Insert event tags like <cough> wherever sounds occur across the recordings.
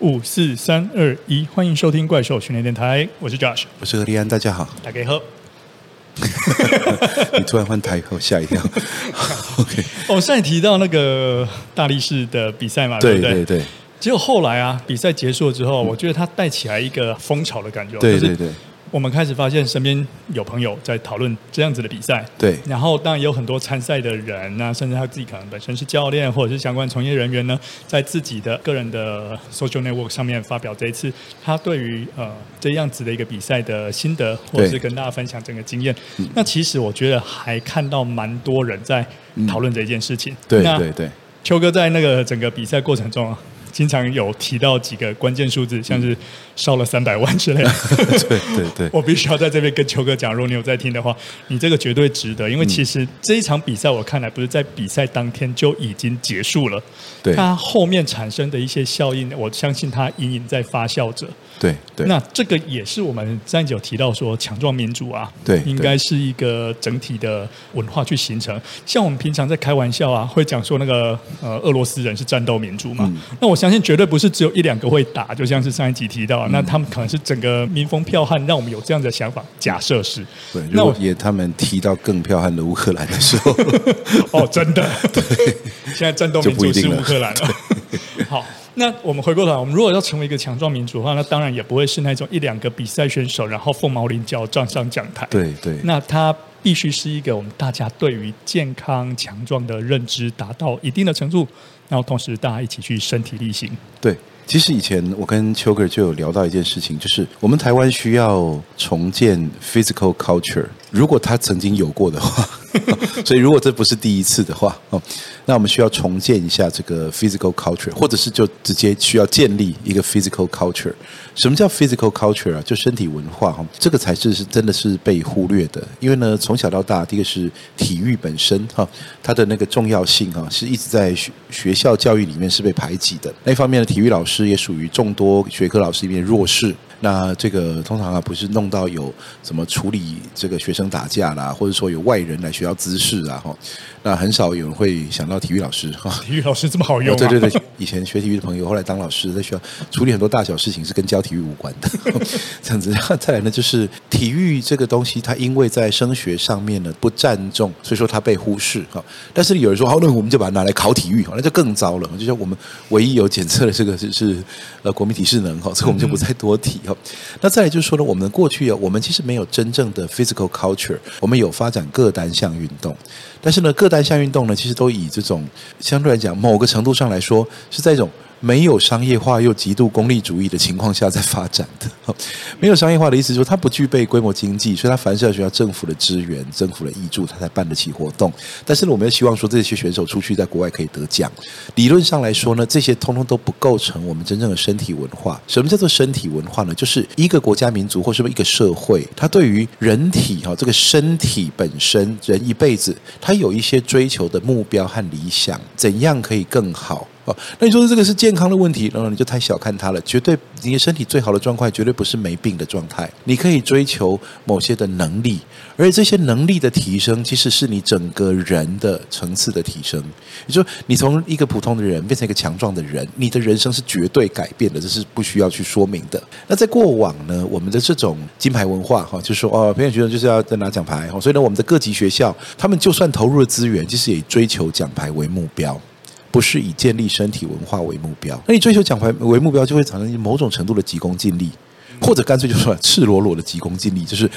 五四三二一，5, 4, 3, 2, 1，歡迎收聽怪獸訓練電台，我是 Josh，我是何立安，大家好，大家好。你突然換台，我嚇一跳。我上一提到那個大力士的比賽嘛，對，對不對？結果對對對，後來啊，比賽結束了之後，我覺得他帶起來一個風潮的感覺，對對對。就是我們開始發現身邊有朋友在討論這樣子的比賽，對。然後當然也有很多參賽的人啊，甚至他自己可能本身是教練或者是相關從業人員呢，在自己的個人的 social network 上面發表這一次他對於呃這樣子的一個比賽的心得，或者是跟大家分享整個經驗。對那其實我覺得還看到蠻多人在討論這件事情。對對、嗯、對，秋哥在那個整個比賽過程中啊。經常有提到幾個關鍵數字，像是燒了三百萬之類的。對對 <laughs> 對，對對我必須要在這邊跟球哥講，如果你有在聽的話，你這個絕對值得，因為其實這一場比賽我看來不是在比賽當天就已經結束了，對、嗯，它後面產生的一些效應，我相信它隱隱在發酵着。對對，對那這個也是我們站久提到說強壯民族啊對，對，應該是一個整體的文化去形成。像我們平常在開玩笑啊，會講說那個呃俄羅斯人是戰鬥民族嘛，嗯、那我。相信絕對不是只有一兩個會打，就像是上一集提到，嗯、那他們可能是整個民風剽悍，讓我們有這樣的想法假設是。對，如果那我也他們提到更剽悍的烏克蘭的時候， <laughs> 哦，真的，對現在戰鬥民族是烏克蘭了。對好，那我們回過頭，我們如果要成為一個強壯民族的話，那當然也不會是那種一兩個比賽選手，然後鳳毛麟角站上講台。對對，對那他必須是一個我們大家對於健康強壯的認知達到一定的程度。然後同時，大家一起去身體力行。對，其實以前我跟秋哥就有聊到一件事情，就是我們台灣需要重建 physical culture，如果他曾經有過的話。 <laughs> 所以，如果這不是第一次的話，哦，那我們需要重建一下這個 physical culture，或者是就直接需要建立一個 physical culture。什麼叫 physical culture 啊？就身體文化哈，這個才是是真的是被忽略的。因為呢，從小到大，第一個是體育本身哈，它的那個重要性哈，是一直在學學校教育裡面是被排擠的。那一方面呢，體育老師也屬於眾多學科老師裡面弱勢。那這個通常啊，不是弄到有什麼處理這個學生打架啦，或者說有外人來學校滋事啊，哈，那很少有人會想到體育老師哈。體育老師這麼好用啊？對對對，以前學體育的朋友，後來當老師在學校處理很多大小事情，是跟教體育無關的，這樣子。再來呢，就是體育這個東西，它因為在升學上面呢不佔重，所以說它被忽視哈。但是有人說，哦，那我們就把它拿來考體育，那就更糟了。就像我們唯一有檢測的這個是是呃國民體適能哈，這個我們就不再多提。嗯那再來就是說呢，我們過去啊，我們其實沒有真正的 physical culture，我們有發展各單項運動，但是呢，各單項運動呢，其實都以這種相對來講，某個程度上來說，是在一種。沒有商業化又極度功利主義的情況下，在發展的，沒有商業化的意思，就是說它不具備規模經濟，所以它凡事要需要政府的支援、政府的挹注，它才辦得起活動。但是呢，我們又希望說這些選手出去在國外可以得獎。理論上來說呢，這些通通都不構成我們真正的身體文化。什麼叫做身體文化呢？就是一個國家、民族或甚至一個社會，它對於人體哈這個身體本身，人一輩子，它有一些追求的目標和理想，怎樣可以更好？那你說的這個是健康的問題，然後你就太小看他了。絕對，你的身體最好的狀態絕對不是沒病的狀態。你可以追求某些的能力，而且這些能力的提升，其實是你整個人的層次的提升。你說，你從一個普通的人變成一個強壯的人，你的人生是絕對改變的，這是不需要去說明的。那在過往呢，我們的這種金牌文化，哈、就是，就說哦，培養學生就是要拿獎牌，所以呢，我們的各級學校，他們就算投入了資源，其實也以追求獎牌為目標。不是以建立身體文化為目標。那你追求獎牌為目標，就會產生某種程度的急功近利，或者乾脆就說赤裸裸的急功近利，就是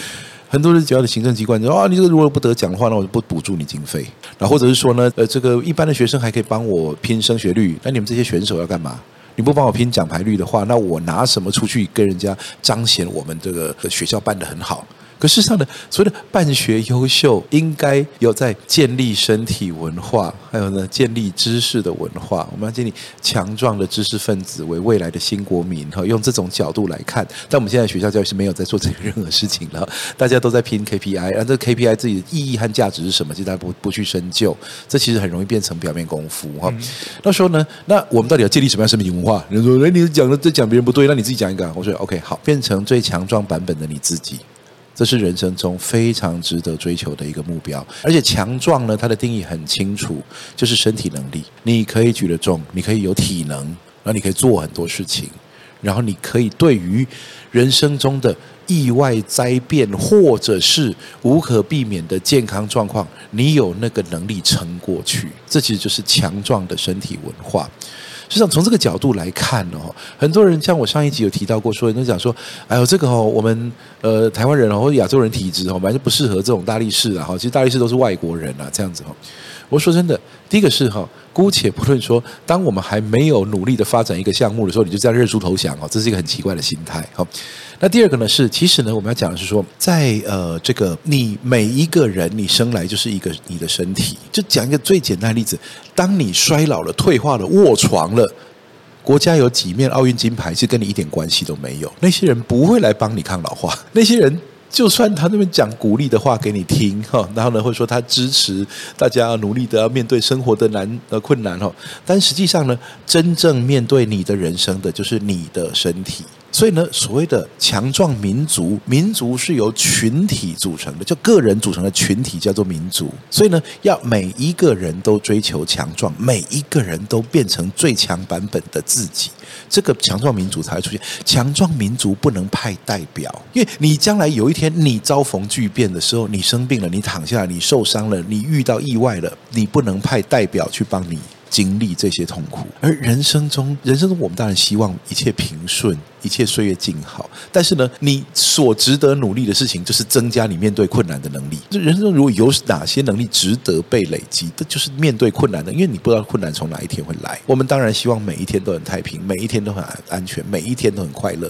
很多人只要的行政機關說啊、哦，你這個如果不得獎的話，那我就不補助你經費。那或者是說呢，呃，這個一般的學生還可以幫我拼升學率，那你們這些選手要幹嘛？你不幫我拼獎牌率的話，那我拿什麼出去跟人家彰顯我們這個學校辦得很好？可事實上呢，所謂的辦學優秀，應該有在建立身體文化，還有呢，建立知識的文化。我們要建立強壯的知識分子，為未來的新國民哈、哦。用這種角度來看，但我們現在學校教育是沒有在做這個任何事情了。然後大家都在拼 KPI，那這 KPI 自己的意義和價值是什麼？其實大家不不去深究，這其實很容易變成表面功夫哈。哦嗯、到時候呢，那我們到底要建立什麼樣生命文化？你說，哎，你講的這講別人不對，那你自己講一個。我說，OK，好，變成最強壯版本的你自己。這是人生中非常值得追求的一個目標，而且強壯呢，它的定義很清楚，就是身體能力。你可以舉得重，你可以有體能，然後你可以做很多事情，然後你可以對於人生中的意外災變或者是無可避免的健康狀況，你有那個能力撐過去。這其實就是強壯的身體文化。實際上，從這個角度來看哦，很多人像我上一集有提到過說，說人家講說，哎呦，這個哦，我們呃台灣人哦，或亞洲人體質哦，本來就不適合這種大力士的、啊、哈。其實大力士都是外國人啊，這樣子哦。我說真的，第一個是哈，姑且不論說，當我們還沒有努力的發展一個項目的時候，你就這樣認輸投降哦，這是一個很奇怪的心態。好，那第二個呢是，其實呢，我們要講的是說，在呃，這個你每一個人，你生來就是一個你的身體。就講一個最簡單的例子，當你衰老了、退化了、臥床了，國家有幾面奧運金牌是跟你一點關係都沒有，那些人不會來幫你抗老化，那些人。就算他那邊講鼓勵的話給你聽，然後呢會說他支持大家努力的要面對生活的難呃困難哦，但實際上呢，真正面對你的人生的就是你的身體。所以呢，所謂的強壯民族，民族是由群體組成的，就個人組成的群體叫做民族。所以呢，要每一個人都追求強壯，每一個人都變成最強版本的自己，這個強壯民族才會出現。強壯民族不能派代表，因為你將來有一天你遭逢巨變的時候，你生病了，你躺下來，你受傷了，你遇到意外了，你不能派代表去幫你經歷這些痛苦。而人生中，人生中我們當然希望一切平順。一切歲月靜好，但是呢，你所值得努力的事情就是增加你面對困難的能力。這人生中如果有哪些能力值得被累積，這就，就是面對困難的，因為你不知道困難從哪一天會來。我們當然希望每一天都很太平，每一天都很安全，每一天都很快樂。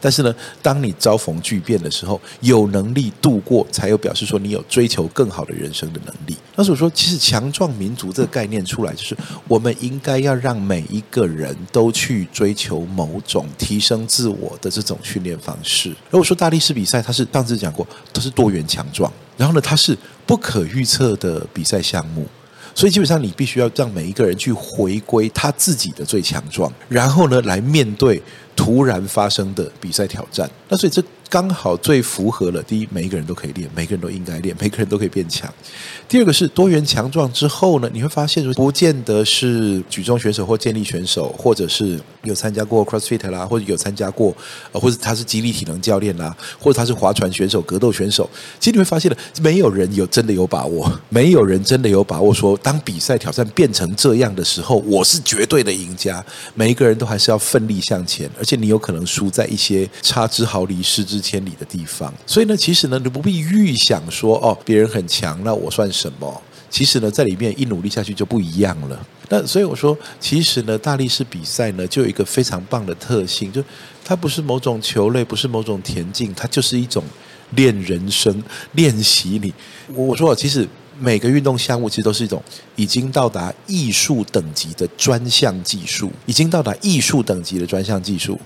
但是呢，當你遭逢巨變的時候，有能力度過，才有表示說你有追求更好的人生的能力。那所以說，其實“強壯民族”這個概念出來，就是我們應該要讓每一個人都去追求某種提升。自我的這種訓練方式。如果說大力士比賽，它是當時講過，它是多元強壯，然後呢，它是不可預測的比賽項目，所以基本上你必須要讓每一個人去回歸他自己的最強壯，然後呢，來面對突然發生的比賽挑戰。那所以這。剛好最符合了。第一，每一個人都可以練，每個人都應該練，每個人都可以變強。第二個是多元強壯之後呢，你會發現，不見得是舉重選手或健力選手，或者是有參加過 CrossFit 啦，或者有參加過，呃，或者他是肌力體能教練啦，或者他是划船選手、格鬥選手。其實你會發現了，沒有人有真的有把握，沒有人真的有把握說，當比賽挑戰變成這樣的時候，我是絕對的贏家。每一個人都還是要奮力向前，而且你有可能輸在一些差之毫釐、失之。千里的地方，所以呢，其實呢，你不必預想說哦，別人很強，那我算什麼？其實呢，在裡面一努力下去就不一樣了。那所以我說，其實呢，大力士比賽呢，就有一個非常棒的特性，就它不是某種球類，不是某種田徑，它就是一種練人生、練習你。我說，其實每個運動項目其實都是一種已經到達藝術等級的專項技術，已經到達藝術等級的專項技術。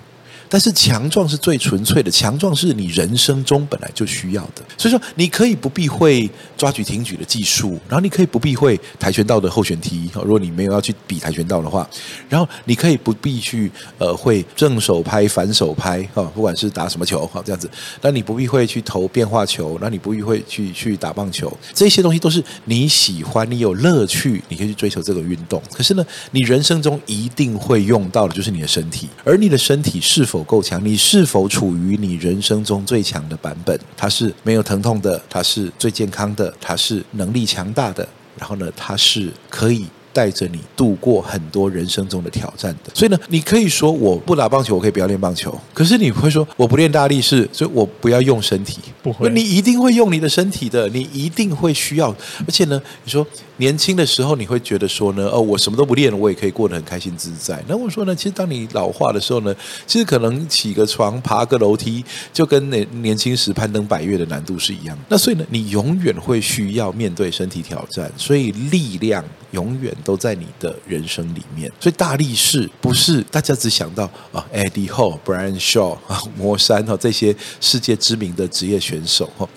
但是強壯是最純粹的，強壯是你人生中本來就需要的。所以說，你可以不必會抓舉、挺舉的技術，然後你可以不必會跆拳道的後旋踢。哈，如果你沒有要去比跆拳道的話，然後你可以不必去呃會正手拍、反手拍，哈、哦，不管是打什麼球，哈、哦，這樣子。那你不必會去投變化球，那你不必會去去打棒球。這些東西都是你喜歡、你有樂趣，你可以去追求這個運動。可是呢，你人生中一定會用到的就是你的身體，而你的身體是否夠強，你是否處於你人生中最強的版本？它是沒有疼痛的，它是最健康的，它是能力強大的，然後呢，它是可以帶着你度過很多人生中的挑戰的。所以呢，你可以說我不打棒球，我可以不要練棒球。可是你會說我不練大力士，所以我不要用身體。不會，你一定會用你的身體的，你一定會需要。而且呢，你說，年輕的時候你會覺得說呢，哦，我什麼都不練，我也可以過得很開心自在。那我說呢，其實當你老化的時候呢，其實可能起個床爬個樓梯就跟年年輕時攀登百岳的難度是一樣的。那所以呢，你永遠會需要面對身體挑戰，所以力量永遠都在你的人生裡面。所以大力士不是大家只想到啊，Eddie Hall、Brian Shaw、啊、哦，魔山哈，這些世界知名的職業選手哈、哦，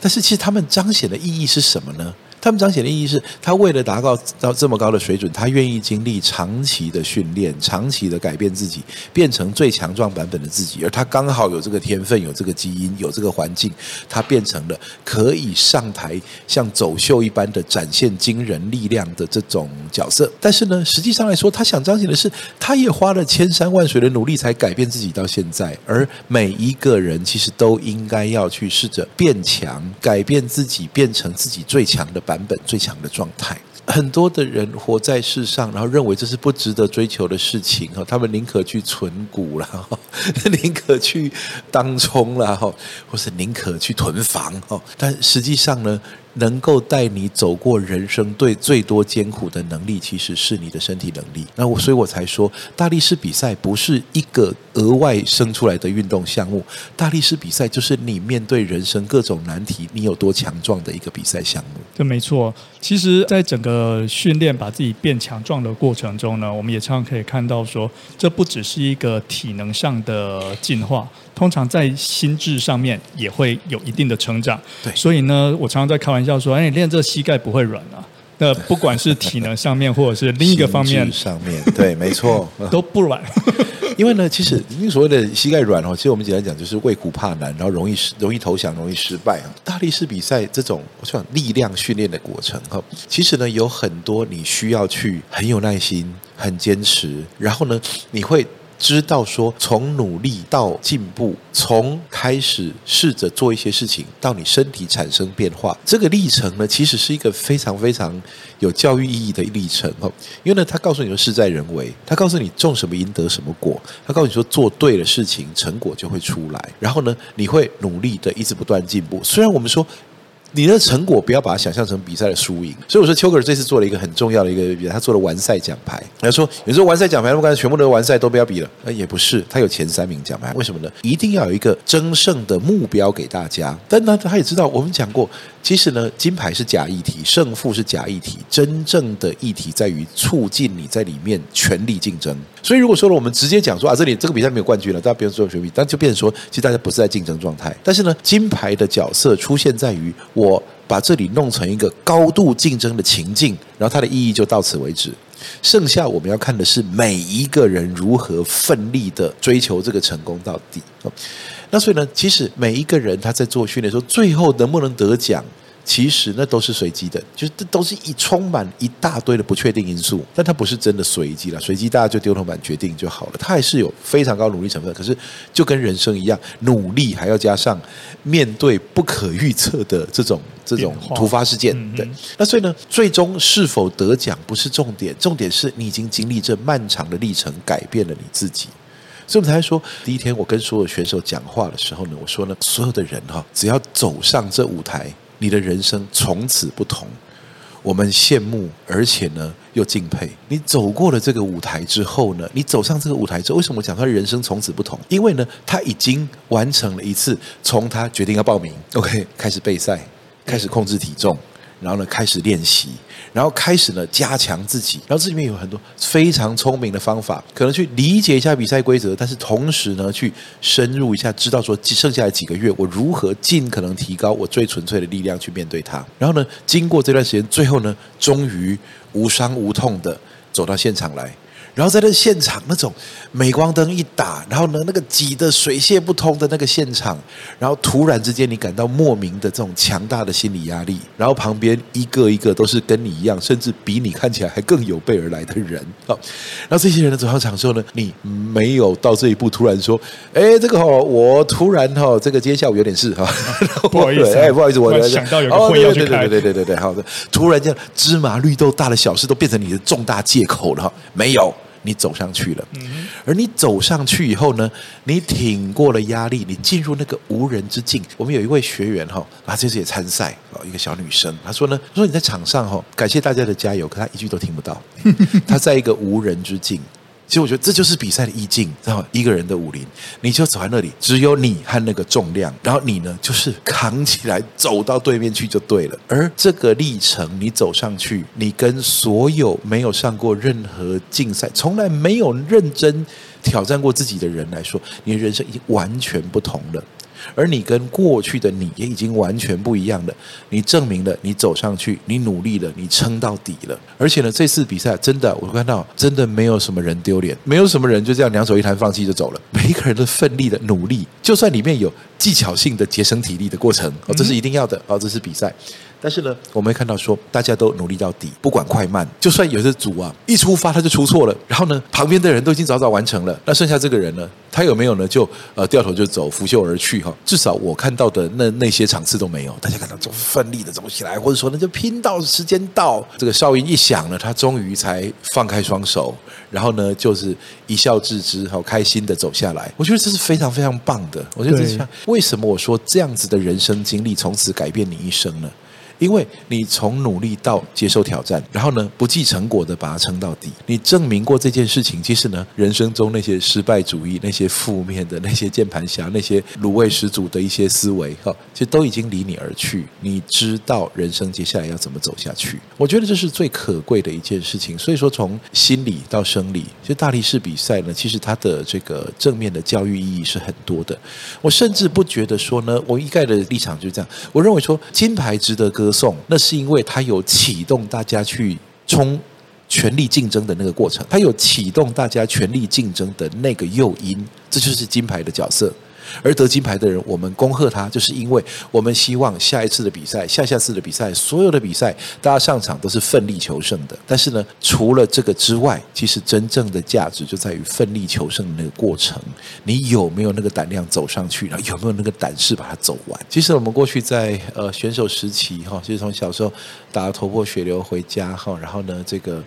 但是其實他們彰顯的意義是什麼呢？他們彰顯的意義是，他為了達到到這麼高的水準，他願意經歷長期的訓練、長期的改變自己，變成最強壯版本的自己。而他剛好有這個天分、有這個基因、有這個環境，他變成了可以上台像走秀一般的展現驚人力量的這種角色。但是呢，實際上來說，他想彰顯的是，他也花了千山萬水的努力才改變自己到現在。而每一個人其實都應該要去試着變強、改變自己，變成自己最強的版本。版本最強的狀態，很多的人活在世上，然後認為這是不值得追求的事情，他們寧可去存股了，寧可去當沖了，或是寧可去囤房，但實際上呢？能夠帶你走過人生對最多艱苦的能力，其實是你的身體能力。那我，所以我才說，大力士比賽不是一個額外生出來的運動項目。大力士比賽就是你面對人生各種難題，你有多強壯的一個比賽項目。這沒錯。其實，在整個訓練把自己變強壯的過程中呢，我們也常常可以看到說，這不只是一個體能上的進化。通常在心智上面也會有一定的成長，對，所以呢，我常常在開玩笑說，哎，你練這個膝蓋不會軟啊。那不管是體能上面，或者是另一個方面，心智上面對，沒錯， <laughs> 都不軟。 <laughs> 因為呢，其實因為所謂的膝蓋軟哦，其實我們簡單講就是畏苦怕難，然後容易容易投降，容易失敗。大力士比賽這種，我想力量訓練的過程哈，其實呢有很多你需要去很有耐心、很堅持，然後呢，你會。知道說，從努力到進步，從開始試着做一些事情到你身體產生變化，這個歷程呢，其實是一個非常非常有教育意義的歷程。因為呢，他告訴你說事在人為，他告訴你種什麼因得什麼果，他告訴你說做對的事情，成果就會出來。然後呢，你會努力的一直不斷進步。雖然我們說。你的成果不要把它想象成比賽的輸贏，所以我說丘格爾這次做了一個很重要的一個，比賽，他做了完賽獎牌。他說：“有時候完賽獎牌，我們剛才全部都完賽都不要比了，那也不是，他有前三名獎牌。為什麼呢？一定要有一個爭勝的目標給大家。但呢，他也知道我們講過，其實呢，金牌是假議題，勝負是假議題，真正的議題在於促進你在裡面全力競爭。”所以，如果說了，我們直接講說啊，這裡這個比賽沒有冠軍了，大家不用說回避，但就變成說，其實大家不是在競爭狀態。但是呢，金牌的角色出現在於我把這裡弄成一個高度競爭的情境，然後它的意義就到此為止。剩下我們要看的是每一個人如何奮力的追求這個成功到底。那所以呢，其實每一個人他在做訓練的時候，最後能不能得獎？其實那都是隨機的，就是這都是一充滿一大堆的不確定因素，但它不是真的隨機了。隨機大家就丟頭板決定就好了，它還是有非常高努力成分。可是就跟人生一樣，努力還要加上面對不可預測的這種這種突發事件。化對，嗯、哼那所以呢，最終是否得獎不是重點，重點是你已經經歷這漫長的歷程，改變了你自己。所以我們才說，第一天我跟所有選手講話的時候呢，我說呢，所有的人哈、哦，只要走上這舞台，你的人生從此不同，我們羨慕，而且呢又敬佩。你走過了這個舞台之後呢，你走上這個舞台之後，為什麼我講他的人生從此不同？因為呢，他已經完成了一次從他決定要報名，OK，開始備賽，開始控制體重，然後呢開始練習。然後開始呢，加強自己。然後這裡面有很多非常聰明的方法，可能去理解一下比賽規則，但是同時呢，去深入一下，知道說剩下來幾個月，我如何盡可能提高我最純粹的力量去面對它。然後呢，經過這段時間，最後呢，終於無傷無痛的走到現場來。然後在那現場，那種鎂光燈一打，然後呢，那個擠得水泄不通的那個現場，然後突然之間，你感到莫名的這種強大的心理壓力。然後旁邊一個一個都是跟你一樣，甚至比你看起來還更有備而來的人啊。然後這些人呢，走上場之後呢，你沒有到這一步，突然說：“哎，這個哈、哦，我突然哈、哦，這個今天下午有點事哈。啊” <laughs> 對不好意思、啊，哎，不好意思，不然 我對想到有個會議要去、哦、對，對對對對對對，開好，突然間芝麻綠豆大的小事都變成你的重大借口了哈？沒有。你走上去了，嗯、而你走上去以後呢，你挺過了壓力，你進入那個無人之境。我們有一位學員哈、哦，他這次也參賽，一個小女生，她說呢，說你在場上哈、哦，感謝大家的加油，可她一句都聽不到，她 <laughs> 在一個無人之境。其實我覺得這就是比賽的意境，知道嗎？一個人的武林，你就走在那裡，只有你和那個重量，然後你呢，就是扛起來走到對面去就對了。而這個歷程，你走上去，你跟所有沒有上過任何競賽、從來沒有認真挑戰過自己的人來說，你的人生已經完全不同了。而你跟過去的你也已經完全不一樣了。你證明了你走上去，你努力了，你撐到底了。而且呢，這次比賽真的，我看到真的沒有什麼人丟臉，沒有什麼人就這樣兩手一攤放棄就走了。每一個人都奮力的努力，就算裡面有技巧性的節省體力的過程，哦，這是一定要的哦，這是比賽。但是呢，我們會看到說，大家都努力到底，不管快慢。就算有些組啊，一出發他就出錯了，然後呢，旁邊的人都已經早早完成了，那剩下這個人呢，他有沒有呢？就呃掉頭就走，拂袖而去哈、哦。至少我看到的那那些場次都沒有，大家看到走奮力的走起來，或者說那就拼到時間到，這個哨音一響了，他終於才放開雙手，然後呢就是一笑置之，好、哦、開心的走下來。我覺得這是非常非常棒的。我覺得這像對為什麼我說這樣子的人生經歷從此改變你一生呢？因為你從努力到接受挑戰，然後呢，不計成果的把它撐到底，你證明過這件事情，其實呢，人生中那些失敗主義、那些負面的那些鍵盤俠、那些滷味十足的一些思維，哈，其實都已經離你而去。你知道人生接下來要怎麼走下去。我覺得這是最可貴的一件事情。所以說從心理到生理，就大力士比賽呢，其實它的這個正面的教育意義是很多的。我甚至不覺得說呢，我一概的立場就是這樣，我認為說金牌值得歌送。那是因為他有啟動大家去衝全力競爭的那個過程，他有啟動大家全力競爭的那個誘因，這就是金牌的角色。而得金牌的人，我們恭賀他，就是因為我們希望下一次的比賽、下下次的比賽，所有的比賽，大家上場都是奮力求勝的。但是呢，除了這個之外，其實真正的價值就在於奮力求勝的那個過程。你有沒有那個膽量走上去，然後有沒有那個膽識把它走完？其實我們過去在呃選手時期哈、哦，就是從小時候打得頭破血流回家哈、哦，然後呢這個。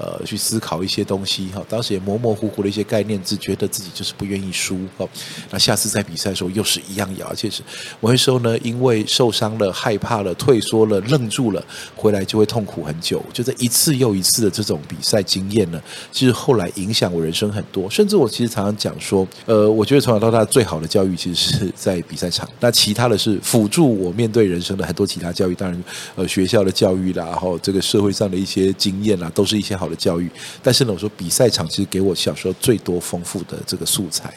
呃，去思考一些東西哈、哦，當時也模模糊糊的一些概念，只覺得自己就是不願意輸哈、哦。那下次在比賽的時候又是一樣樣，而且是，我那時候呢，因為受傷了、害怕了、退縮了、愣住了，回來就會痛苦很久。就這一次又一次的這種比賽經驗呢，其實後來影響我人生很多。甚至我其實常常講說，呃，我覺得從小到大最好的教育其實是在比賽場，那其他的是輔助我面對人生的很多其他教育，當然，呃，學校的教育啦，然後這個社會上的一些經驗啦，都是一些好的教育，但是呢，我說比賽場其實給我小時候最多豐富的這個素材。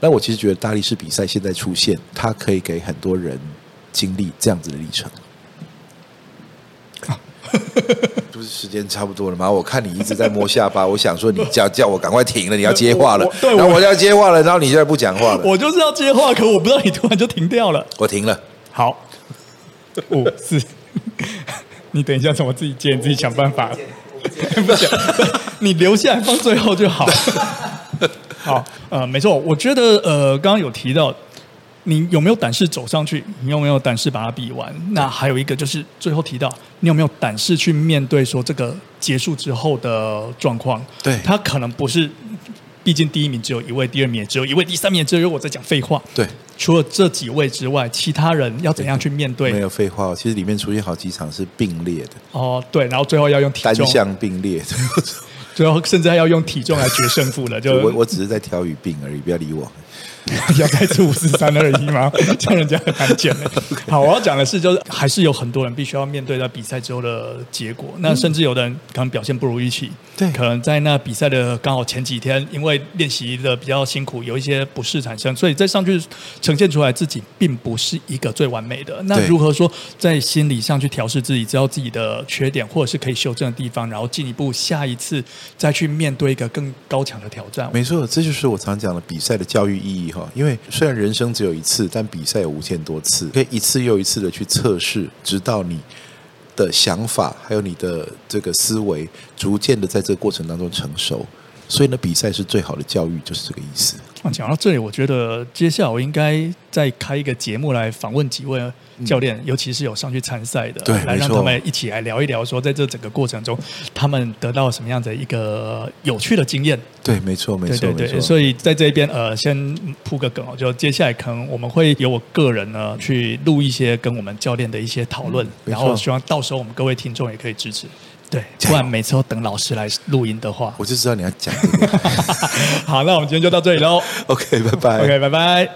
那我其實覺得大力士比賽現在出現，它可以給很多人經歷這樣子的歷程。 <laughs> 不是時間差不多了嗎？我看你一直在摸下巴， <laughs> 我想說你叫 <laughs> 叫我趕快停了，你要接話了。對，我要接話了，我然後你現在不講話了。 <laughs> 我就是要接話，可我不知道你突然就停掉了。我停了。好，五四， <laughs> <laughs> 你等一下，怎麼自己接， <laughs> 你自己想辦法。不行，你留下來放最後就好。好，呃，沒錯，我覺得，呃，剛剛有提到，你有沒有膽識走上去？你有沒有膽識把它比完？對那還有一個就是最後提到，你有沒有膽識去面對說這個結束之後的狀況？對，它可能不是。畢竟第一名只有一位，第二名也只有一位，第三名也只有我在講廢話。對，除了這幾位之外，其他人要怎樣去面對？對，沒有廢話，其實裡面出現好幾場是並列的。哦，對，然後最後要用體重單項並列，最後甚至要用體重來決勝負了。就我我只是在挑語病而已，不要理我。 <laughs> 要開出五四三二一嗎？叫 <laughs> 人家很難剪、欸。Okay. 好，我要講的是，就是還是有很多人必須要面對在比賽之後的結果。嗯、那甚至有的人可能表現不如預期，對，可能在那比賽的剛好前幾天，因為練習的比較辛苦，有一些不適產生，所以在上去呈現出來自己並不是一個最完美的。對那如何說在心理上去調試自己，知道自己的缺點或者是可以修正的地方，然後進一步下一次再去面對一個更高強的挑戰？沒錯，這就是我常講的比賽的教育意義。因為雖然人生只有一次，但比賽有無限多次，可以一次又一次的去測試，直到你的想法還有你的這個思維逐漸的在這個過程當中成熟。所以呢，比賽是最好的教育，就是這個意思。講到這裡，我覺得接下來我應該再開一個節目來訪問幾位教練，嗯、尤其是有上去參賽的，對，來讓他們一起來聊一聊，說在這整個過程中他們得到什麼樣的一個有趣的經驗。對，沒錯，沒錯，對，所以在這邊，呃，先鋪個梗，就接下來可能我們會由我個人呢、嗯、去錄一些跟我們教練的一些討論，嗯、然後希望到時候我們各位聽眾也可以支持。對，油不然每次都等老師來錄音的話，我就知道你要講。 <laughs> <laughs> 好，那我們今天就到這裡嘍。 <laughs> OK，拜拜。OK，拜拜。